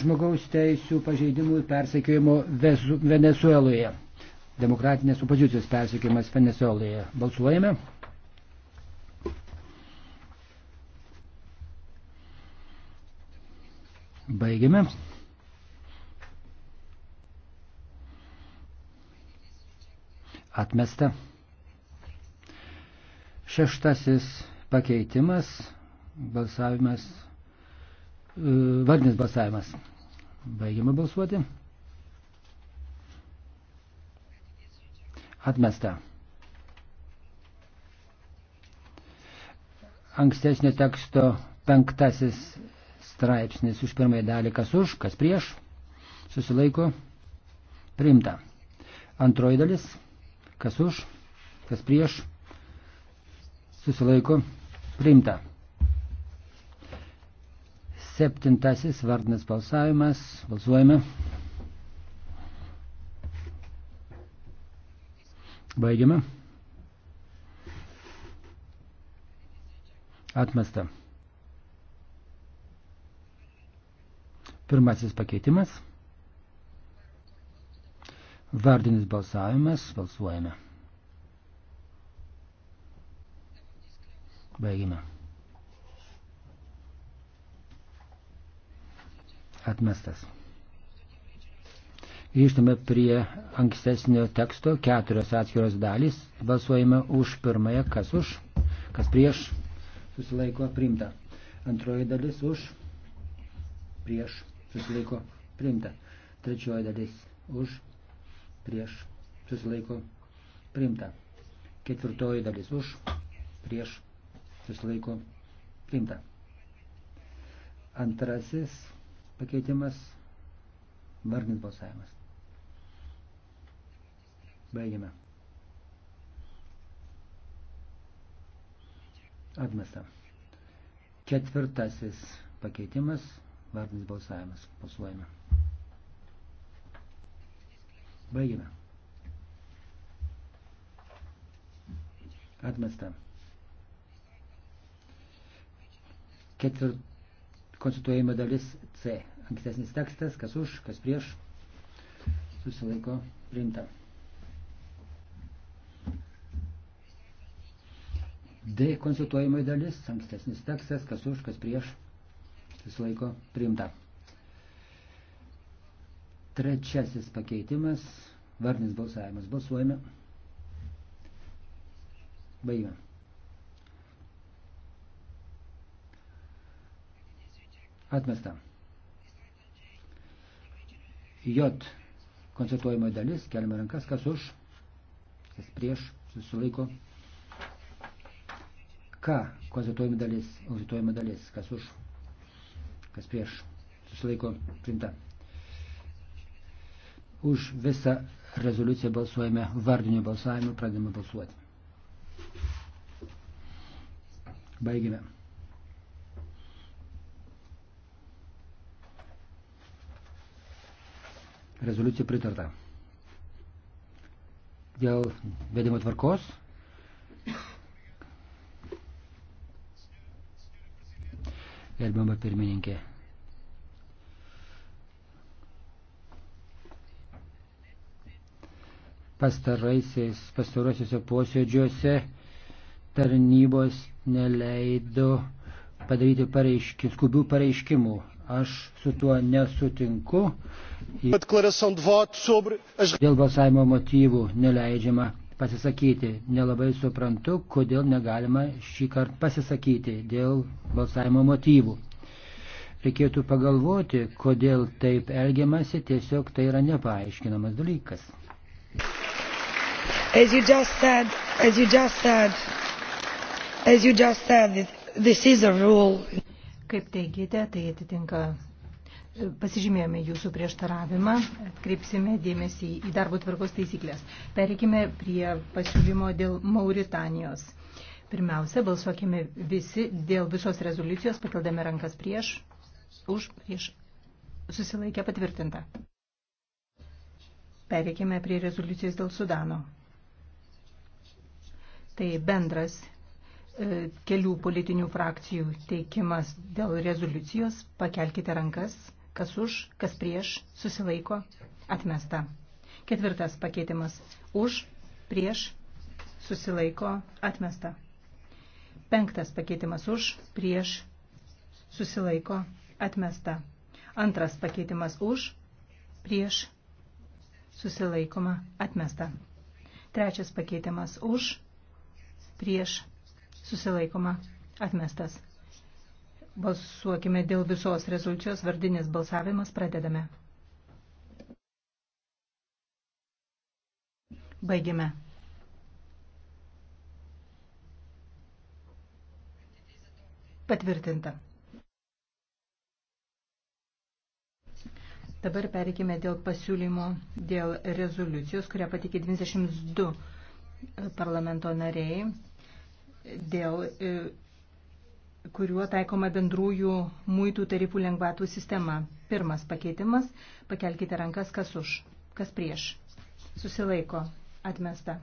žmogaus teisų pažeidimų persekiojimo Venezueloje. Demokratinės opozicijos persekiojimas Venezueloje. Balsuojame. Baigiame. Atmesta. Šeštasis pakeitimas, balsavimas Vardinis balsavimas. Baigiame balsuoti. Atmesta. Ankstesnio teksto penktasis straipsnis už pirmąją dalį, kas už, kas prieš, susilaiko, priimta. Antroji dalis, kas už, kas prieš, susilaiko, priimta. Septintasis vardinis balsavimas. Balsuojame. Baigiame. Atmesta. Pirmasis pakeitimas. Vardinis balsavimas. Balsuojame. Baigime. atmestas. Grįžtame prie ankstesnio teksto, keturios atskiros dalys. Balsuojame už pirmąją, kas už, kas prieš, susilaiko priimta. Antroji dalis už, prieš, susilaiko priimta. Trečioji dalis už, prieš, susilaiko priimta. Ketvirtoji dalis už, prieš, susilaiko priimta. Antrasis pakeitimas, vardinis balsavimas. Baigiame. Atmesta. Ketvirtasis pakeitimas, vardinis balsavimas. Pasuojame. Baigiame. Atmesta. Ketvirtas konstituojama dalis C. Ankstesnis tekstas, kas už, kas prieš, susilaiko priimta. D. Konstituojama dalis, ankstesnis tekstas, kas už, kas prieš, susilaiko priimta. Trečiasis pakeitimas, vardinis balsavimas. Balsuojame. Baigime. Atmesta. J. Konstatuojama dalis, keliame rankas, kas už, kas prieš, susilaiko. K. Konstatuojama dalis, konstatuojama dalis, kas už, kas prieš, susilaiko, primta. Už visą rezoliuciją balsuojame vardiniu balsavimu, pradėjome balsuoti. Baigime. Rezoliucija pritarta. Dėl vedimo tvarkos. Gerbiama pirmininkė. Pastaraisiais, pastarosiuose posėdžiuose tarnybos neleido padaryti pareiški, skubių pareiškimų Aš su tuo nesutinku. Dėl balsavimo motyvų neleidžiama pasisakyti. Nelabai suprantu, kodėl negalima šį kartą pasisakyti dėl balsavimo motyvų. Reikėtų pagalvoti, kodėl taip elgiamasi, tiesiog tai yra nepaaiškinamas dalykas. As you just said, as you just said, as you just said, this is a rule. Kaip teigite, tai atitinka, pasižymėjome jūsų prieštaravimą, atkreipsime dėmesį į darbo tvarkos taisyklės. Pereikime prie pasiūlymo dėl Mauritanijos. Pirmiausia, balsuokime visi dėl visos rezoliucijos, pakeldami rankas prieš, už, prieš, susilaikę patvirtinta. Pereikime prie rezoliucijos dėl Sudano. Tai bendras E, kelių politinių frakcijų teikimas dėl rezoliucijos. Pakelkite rankas, kas už, kas prieš, susilaiko, atmesta. Ketvirtas pakeitimas už, prieš, susilaiko, atmesta. Penktas pakeitimas už, prieš, susilaiko, atmesta. Antras pakeitimas už, prieš, susilaikoma, atmesta. Trečias pakeitimas už, prieš, susilaikoma, atmestas. Balsuokime dėl visos rezoliucijos, vardinis balsavimas, pradedame. Baigime. Patvirtinta. Dabar pereikime dėl pasiūlymo, dėl rezoliucijos, kurią patikė 22 parlamento nariai dėl e, kuriuo taikoma bendrųjų muitų tarifų lengvatų sistema. Pirmas pakeitimas – pakelkite rankas, kas už, kas prieš. Susilaiko, atmesta.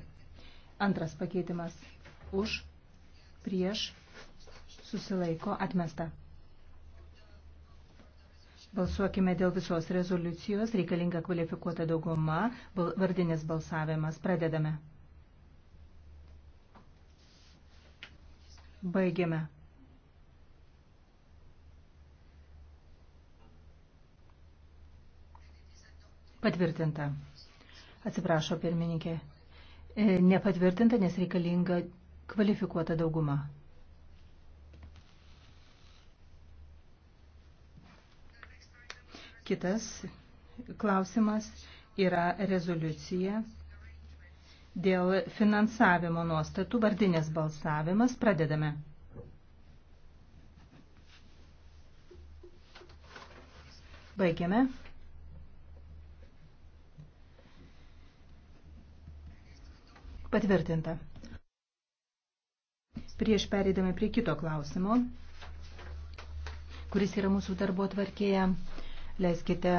Antras pakeitimas – už, prieš, susilaiko, atmesta. Balsuokime dėl visos rezoliucijos, reikalinga kvalifikuota dauguma, vardinės balsavimas. Pradedame. Baigiame. Patvirtinta. Atsiprašo pirmininkė. E, nepatvirtinta, nes reikalinga kvalifikuota dauguma. Kitas klausimas yra rezoliucija Dėl finansavimo nuostatų vardinės balsavimas pradedame. Baigiame. Patvirtinta. Prieš pereidami prie kito klausimo, kuris yra mūsų darbo tvarkėje, leiskite